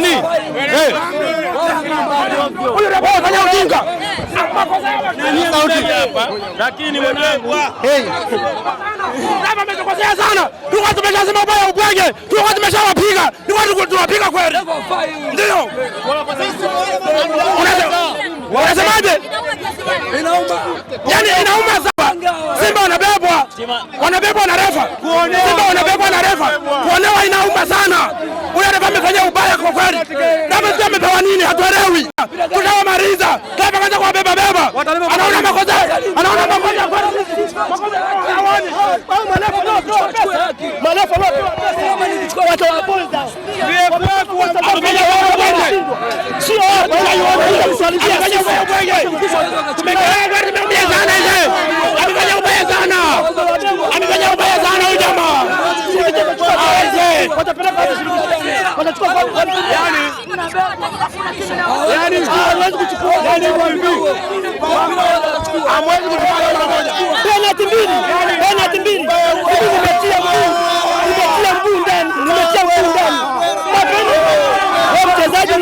nini? Eh. Fanya ujinga lakini mwanangu sana. ubaya tumeshawapiga, kweli, ndio unasemaje? Yaani inauma Simba wanabeba wanabebwa na refa, Simba wanabebwa na refa, kuonewa inauma sana. Huyo refa amefanya ubaya kwa kweli, sio amepewa nini? Hatuelewi, tutawamaliza. kama kaanza kwa beba, beba, anaona makosa, anaona makosa kwa wanachukua penati mbili, penati mbili zimetia mguu ndani, zimetia mguu ndani mchezaji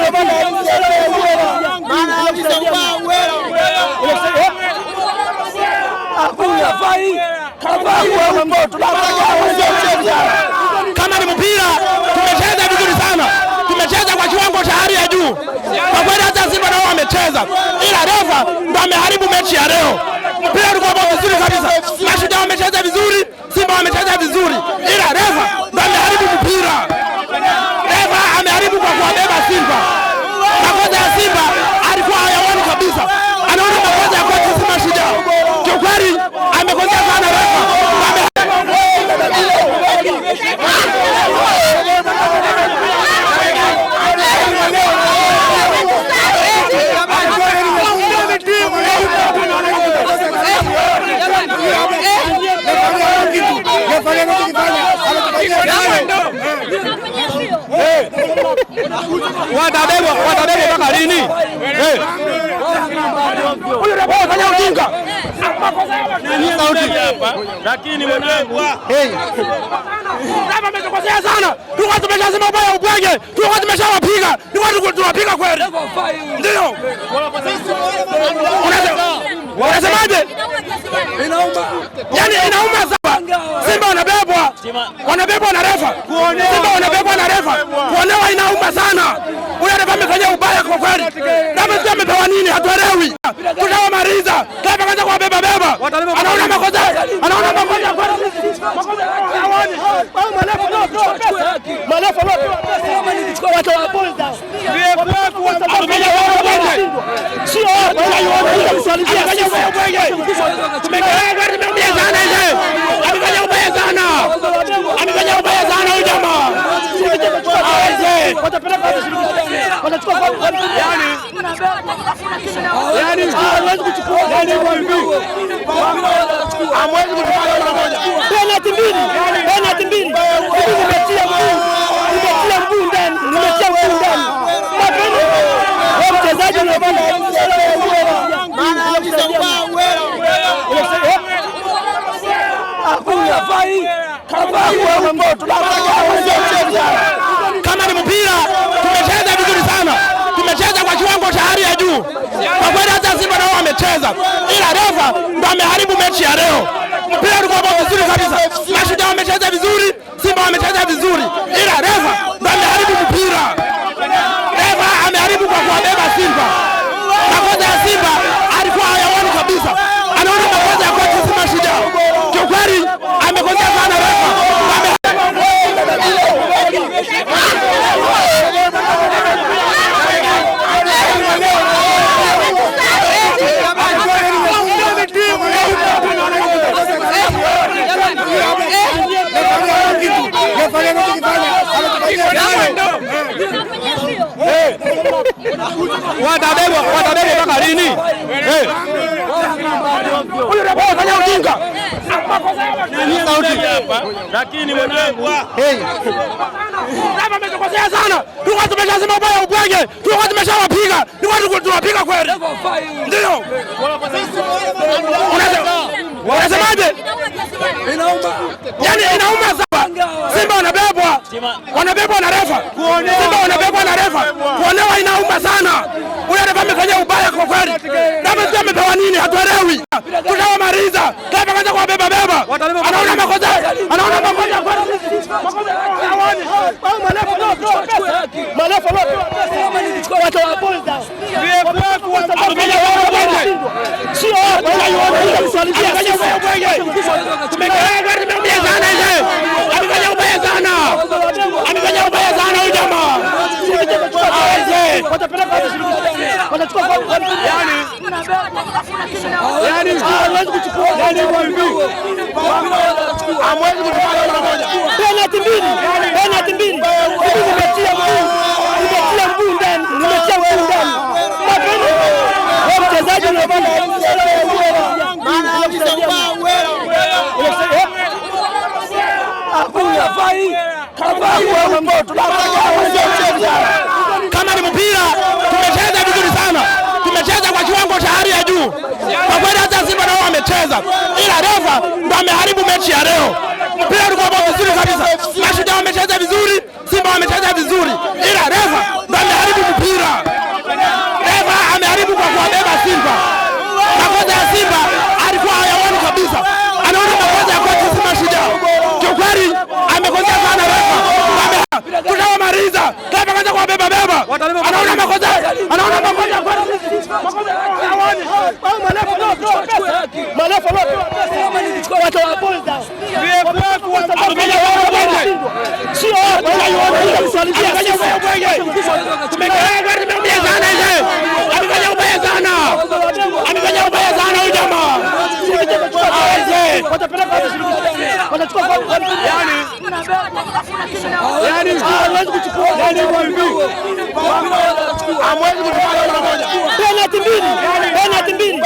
hakuna fai kama huo mtoto kama ni mpira, tumecheza vizuri sana, tumecheza kwa kiwango cha hali ya juu kwa kweli. Hata Simba nao wamecheza, ila refa ndo ameharibu mechi ya leo. Mpira ulikuwa vizuri kabisa, Mashujaa wamecheza vizuri, Simba wamecheza vizuri. watabebwa watabebwa mpaka lini? Fanya ujinga ametukosea sana, tulikuwa tumeshasema ubaya ubwege, tulikuwa tumeshawapiga, tulikuwa tunapiga kweli, ndio unasemaje? Yani inauma Simba wanabebwa, wanabebwa na refa. Simba wanabebwa na refa, kuonewa inauma sana. Huyo refa amefanya ubaya kwa kweli, sio amepewa nini? Hatuelewi, tunawamaliza. Refa kaanza kuwabeba beba, anaona makosa, anaona makosa kwa Makosa watapeleka wapi shirikisho? Watachukua kwa nini? Yani yani hawezi kuchukua yani hivi hamwezi kuchukua dola moja penalty mbili penalty mbili hivi nimetia mguu nimetia mguu ndani nimetia mguu ndani wewe mchezaji unafanya maana ukisambaa wewe hakuna fai kama wewe mboto tunataka kucheza wameharibu mechi ya leo. Mpira ulikuwa vizuri kabisa, Mashujaa wamecheza vizuri, Simba wamecheza vizuri, ila refa ndo ameharibu mpira. watabebwa watabebwa mpaka lini? Fanya ujinga lakini mwanangu sana, tulikuwa tumeshasema ubaya tulikuwa tumeshawapiga, tulikuwa tunapiga kweli, ndio unasemaje? wanabebwa na refa, Simba wanabebwa na refa. Kuonewa inauma sana, huyo refa amefanya ubaya kwa kweli. Kama amepewa nini hatuelewi, tunawamaliza kama kwanza kwa beba, beba. anaona makosa, anaona makosa kwa sisi penati mbili, penati mbili nimetia mguu ndani, nimetia mguu ndani mchezaji hakuna vai kavaueupotu Kwa kweli hata Simba nao wamecheza, ila refa ndo ameharibu mechi ya leo. Mpira ulikuwa vizuri kabisa, Mashujaa wamecheza vizuri, Simba wamecheza vizuri, ila refa ndo ameharibu mpira. Refa ameharibu kwa kuwabeba Simba. Amefanya ubaya sana huyu jamaa. Penalty mbili. Penalty mbili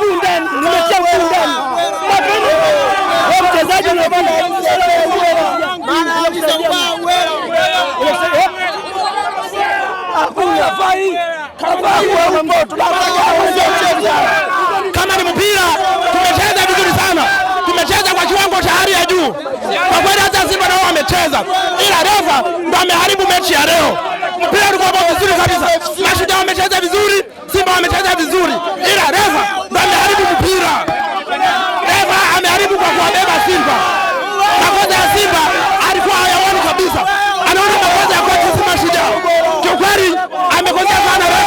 mguu ndani, nimetia mguu ndani. Mchezaji kama ni mpira, tumecheza vizuri sana, tumecheza kwa kiwango cha hali ya juu kwa kweli. Hata Simba nao wamecheza, ila refa ndo ameharibu mechi ya leo. Mpira ulikuwa vizuri kabisa amecheza vizuri, Simba amecheza vizuri, ila refa ndo ameharibu mpira. Refa ameharibu kwa kuwabeba Simba. Makosa ya Simba alikuwa hayaoni kabisa, anaona makosa ya kocha Simba Shujaa. Kiukweli amekosea sana.